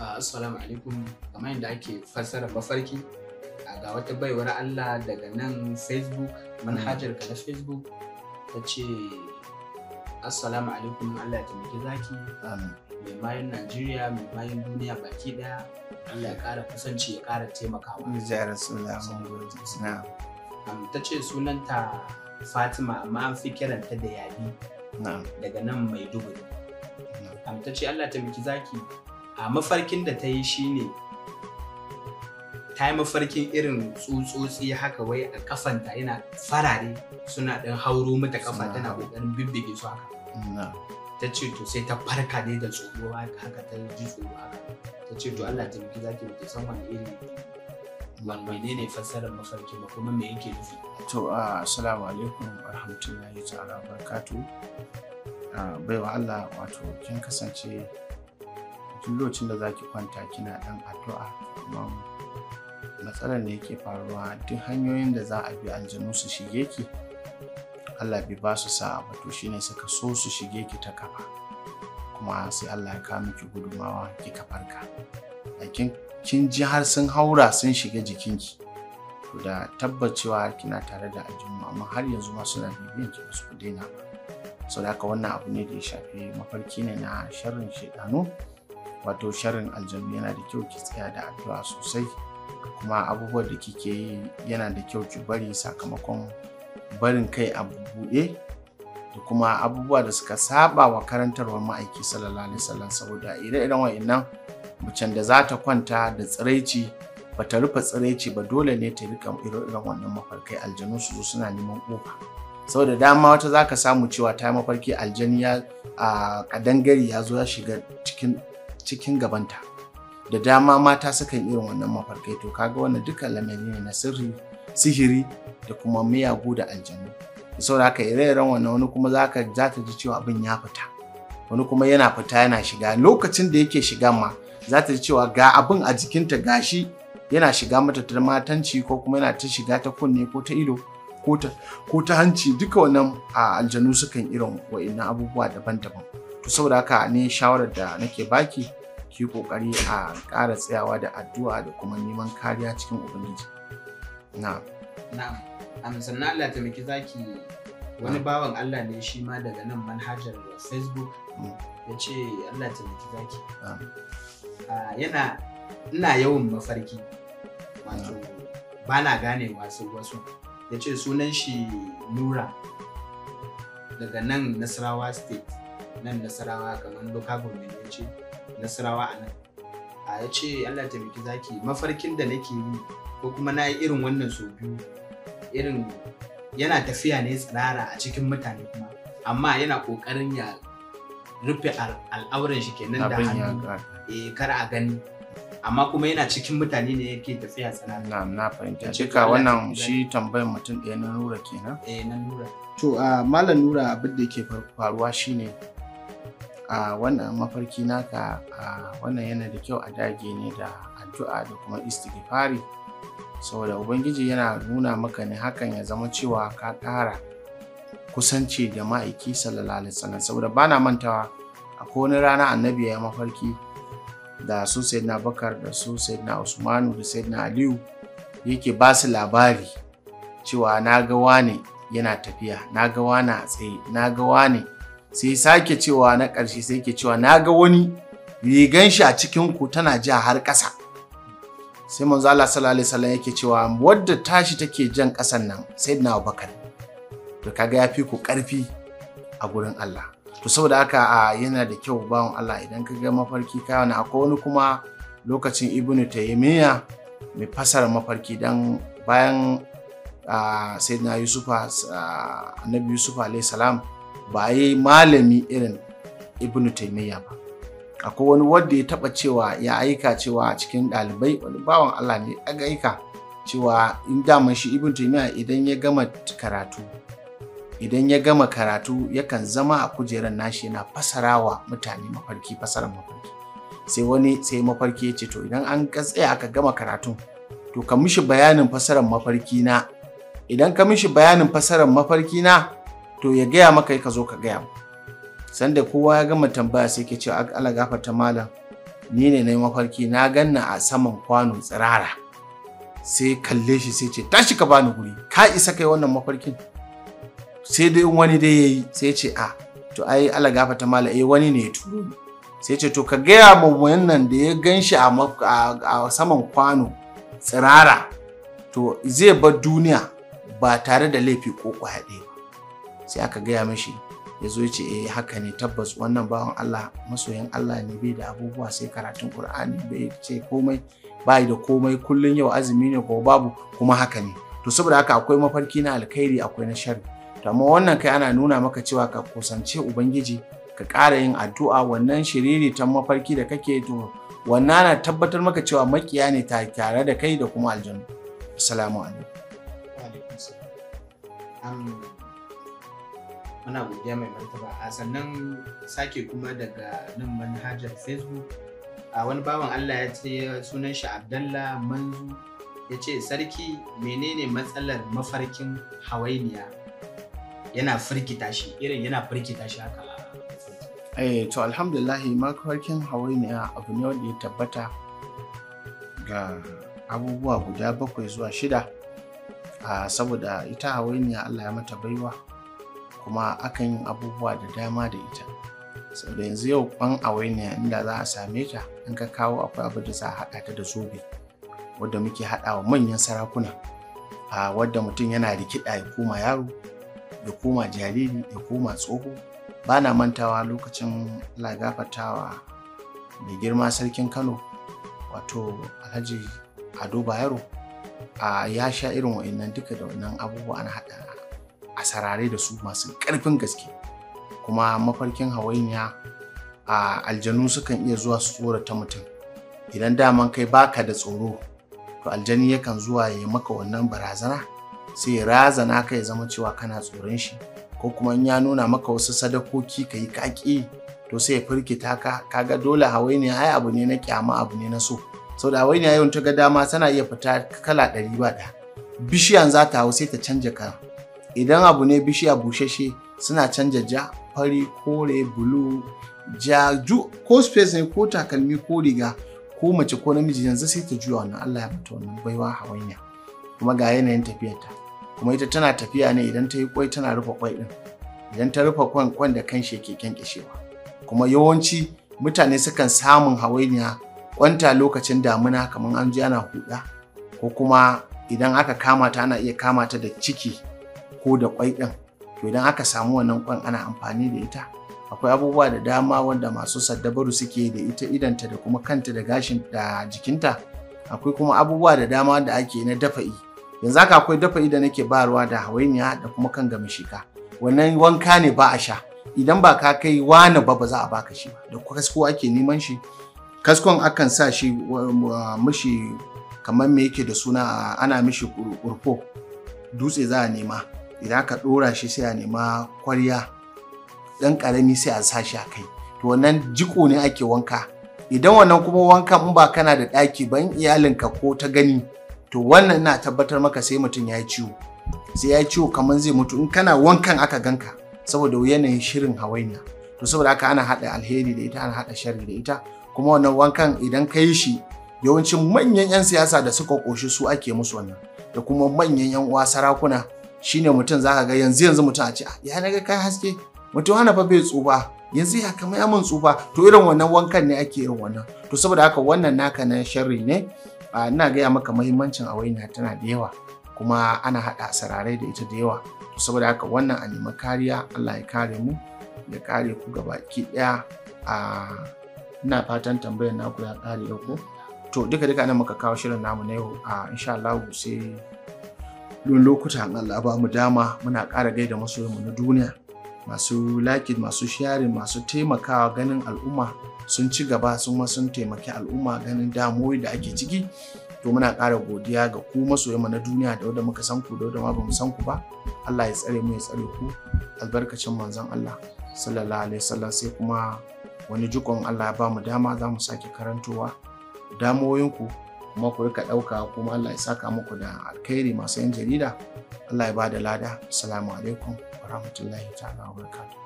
Ah, assalamu alaikum kamar yadda ake fassara mafarki ah, ga wata baiwar Allah daga nan facebook manhajar ka na facebook ta ce assalamu alaikum Allah ya taimaki zaki mai bayan Najeriya mai bayan duniya baki daya Allah ya kara kusanci ya kara taimakawa ta ce sunanta Fatima amma an fi kiranta da yabi daga nan dubu. ta ce Allah ta miki zaki a mafarkin da ta yi shine ta yi mafarkin irin tsutsotsi haka wai a kafanta yana farare suna ɗan hauro mata kafa tana ƙoƙarin bibbige su haka ta ce to sai ta farka ne da tsoro haka ta ji tsoro haka ta ce to Allah ta miki zaki ta san wani iri wani ne ne fassarar mafarki ba kuma me yake nufi to assalamu alaikum warahmatullahi ta'ala barakatuh baiwa Allah wato kin kasance duk lokacin da ki kwanta kina ɗan addu'a kuma matsalar da yake faruwa duk hanyoyin da za a bi aljanu su shige ki Allah bai ba su sa'a ba to shine suka so su shige ki ta kafa kuma sai Allah ya kawo miki gudumawa kika farka kin ji har sun haura sun shiga jikinki to da tabbacewa kina tare da aljanu amma har yanzu ma suna bibiyan ki su daina ba saboda haka wannan abu ne da ya shafi mafarki ne na sharrin shedanu wato sharin aljanu yana da kyau ki tsaya da addu'a sosai kuma abubuwan da kike yi yana da kyau ki bari sakamakon barin kai a buɗe da kuma abubuwa da suka saba wa karantarwar ma'aiki sallallahu alaihi wasallam saboda ire-iren wa'annan macen da za ta kwanta da tsiraici ba ta rufe tsiraici ba dole ne ta rika ire-iren wannan mafarkai aljanu su zo suna neman kofa saboda dama wata za ka samu cewa ta yi mafarki aljani ya a kadangari ya zo ya shiga cikin cikin gabanta da dama mata sukan irin wannan mafarkai to kaga wannan duka lamari ne na sirri sihiri da kuma miyagu da aljanu saboda haka ire-iren wannan wani kuma zaka zata ta ji cewa abin ya fita wani kuma yana fita yana shiga lokacin da yake shiga ma za ta ji cewa ga abin a jikinta gashi yana shiga mata ta matanci ko kuma yana ta shiga ta kunne ko ta ido ko ta hanci duka wannan aljanu sukan irin wa'innan abubuwa daban-daban to saboda haka ni shawarar da nake baki ki kokari a ƙara tsayawa da addu'a da kuma neman kariya cikin ubangiji na na sannan Allah ta miki zaki wani bawan Allah ne shi ma daga nan manhajar facebook hmm. ya Allah ta miki zaki yana ina yawan mafarki wato ba na gane wasu wasu ya sunan shi nura daga nan nasarawa state nan nasarawa kamar local government ce nasarawa a nan a ya ce allah ta biki zaki mafarkin da nake yi ko kuma na yi irin wannan so biyu irin yana tafiya ne tsirara a cikin mutane kuma amma yana kokarin ya rufe al'auren shi kenan da hannu eh kar a gani amma kuma yana cikin mutane ne yake tafiya tsirara na fahimta cika wannan shi tambayar mutum ɗaya na nura kenan eh na nura to a ah, malam nura abin da ke faruwa shine a wannan mafarki naka a wannan yana da kyau a dage ne da addu'a da kuma istighfari saboda ubangiji yana nuna maka ne hakan ya zama cewa ka ƙara kusanci da ma'aiki sallallahu alaihi wasallam saboda bana mantawa akwai wani rana annabi ya mafarki da su sayyidina bakar da su na usmanu da na aliyu yake ba su labari cewa na ga wane yana tafiya na ga wane a tsaye na ga wane sai sake cewa na ƙarshe sai ke cewa na ga wani rigan shi a cikin ku tana ja har ƙasa sai manzo Allah sallallahu alaihi wasallam yake cewa wadda tashi take jan ƙasan nan sai na Abubakar to kaga ya fi ku ƙarfi a gurin Allah to saboda haka yana da kyau bawan Allah idan ka ga mafarki ka wani akwai wani kuma lokacin ibnu taymiya mai fasara mafarki dan bayan sayyidina Yusufa annabi Yusufa alaihi salam ba yi malami irin ibnu taimiyya ba akwai wani wanda ya taba cewa ya aika cewa a cikin ɗalibai wani bawan allah ne ya aika cewa in daman shi ibn taimiyya idan ya gama karatu idan ya gama karatu yakan zama a kujerar nashi yana fasarawa mutane mafarki fasarar mafarki sai wani sai mafarki ya ce to idan an tsaya aka gama karatun to ka mishi bayanin fasarar mafarki na idan ka mishi bayanin fasarar mafarki na to ya gaya maka ka zo ka gaya sanda kowa ya gama tambaya sai ke ce ala gafarta malam ni ne na yi mafarki na ganna a saman kwano tsirara sai kalle shi sai ce tashi ka bani guri ka isa kai wannan mafarkin sai dai wani dai yayi sai ce a to ai ala gafarta malam eh wani ne ya turo ni sai ce to ka gaya ma wannan da ya gan shi a saman kwano tsirara to zai bar duniya ba tare da laifi ko kwaɗe ba sai aka gaya mashi ya zo ce eh haka ne tabbas wannan bawan Allah masoyin Allah ne bai da abubuwa sai karatun Qur'ani bai ce komai bai da komai kullun yau azumi ne ko babu kuma haka ne to saboda haka akwai mafarki na alkhairi akwai na sharri to amma wannan kai ana nuna maka cewa ka kusance ubangiji ka ƙara yin addu'a wannan shiriri ta mafarki da kake to wannan na tabbatar maka cewa makiya ne tare da kai da kuma aljanna assalamu alaikum muna godiya mai martaba a sannan sake kuma daga nan manhajar facebook a wani bawan allah ya ce sunan shi abdalla manzu ya ce sarki menene matsalar mafarkin hawainiya yana firgita shi irin yana firgita shi haka eh to alhamdulahi mafarkin hawainiya abu ne wanda ya tabbata ga abubuwa guda bakwai zuwa shida ah, saboda ita hawainiya allah ya mata baiwa kuma akan yi abubuwa da dama da ita sau da yanzu yau kwan awainiya inda za a same ta an ka kawo akwai abu da za a haɗa ta da zobe wadda muke haɗawa manyan sarakuna a wadda mutum yana rikida ya koma yaro ya koma jariri ya koma tsoho ba na mantawa lokacin lagafatawa mai girma sarkin kano wato alhaji ado bayero a ya sha irin wa'annan duka da wannan abubuwa na haɗa sarare da su masu ƙarfin gaske kuma mafarkin hawainiya a aljanu sukan iya zuwa su tsorata mutum idan daman kai baka da tsoro to aljani yakan zuwa ya maka wannan barazana sai razana ka ya zama cewa kana tsoron shi ko kuma in ya nuna maka wasu sadakoki ka yi kaki to sai ya firkita ka kaga dole hawainiya ai abu ne na kyama abu ne na so sau da hawainiya yawan ta ga dama tana iya fita kala ɗari ba ɗaya bishiyan za ta hau sai ta canja ka. idan abu ne bishiya bushashe suna canja ja fari kore bulu ja ju ko space ne ko takalmi ko riga ko mace ko namiji yanzu sai ta juya wannan Allah ya mata wannan baiwa hawanya kuma ga yanayin tafiyarta kuma ita tana tafiya ne idan ta yi kwai tana rufe kwai din idan ta rufe kwan kwan da kan shi yake kishewa kuma yawanci mutane sukan samun hawainiya kwanta lokacin damuna kamar an ji ana huda ko kuma idan aka kama ta ana iya kama ta da ciki ko da kwai ɗin to idan aka samu wannan kwan ana amfani da ita akwai abubuwa da dama wanda masu saddabaru suke da ita idanta da kuma kanta da gashin da jikinta akwai kuma abubuwa da dama da ake na dafa'i yanzu haka akwai dafa'i da nake bayarwa da hawainiya da kuma kan gamashika wannan wanka ne ba a sha idan ba ka kai wani ba ba za a baka shi ba da kasko ake neman shi kaskon akan sa shi mishi kamar me yake da suna ana mishi kurfo dutse za a nema idan ka ɗora shi sai a nema kwarya ɗan karami sai a sa shi a kai to wannan jiko ne ake wanka idan wannan kuma wankan in ba kana da ɗaki ban iyalinka ko ta gani to wannan na tabbatar maka sai mutum ya yi ciwo sai ya yi ciwo kamar zai mutu in kana wankan aka ganka saboda yanayin shirin hawainiya to saboda haka ana haɗa alheri da ita ana haɗa sharri da ita kuma wannan wankan idan ka yi shi yawancin manyan 'yan siyasa da suka koshi su ake musu wannan da kuma manyan 'yan uwa sarakuna Shi ne mutum zaka ga yanzu yanzu mutum a ce ah, ya na ga kai haske mutum hana fa bai tsufa yanzu ya kama ya mun tsufa to irin wannan wankan ne ake irin wannan to saboda haka wannan naka na sharri ne ina gaya maka mahimmancin awaina tana da yawa kuma ana haɗa sararai da ita da yawa saboda haka wannan a nemi kariya Allah ya kare mu ya kare ku gaba ki ɗaya a ina fatan tambayar naku ya kare ku. to duka duka ana muka kawo shirin namu na yau a insha Allah sai don lokuta Allah ba mu dama muna kara gaida masoyinmu na duniya masu lakin masu shari masu taimakawa ganin al'umma sun ci gaba sun ma sun taimaki al'umma ganin damuwoyi da ake ciki to muna ƙara godiya ga ku masoyanmu na duniya da wanda muka san ku da wanda ma bamu san ku ba Allah ya tsare mu ya tsare ku albarkacin manzon Allah sallallahu alaihi wasallam sai kuma wani jikon Allah ya ba mu dama za mu sake karantowa damuwoyinku kuma ku rika ɗauka kuma Allah ya saka muku da alkhairi masu yan jarida Allah ya ba da lada assalamu alaikum wa rahmatullahi ta'ala wa barakatuh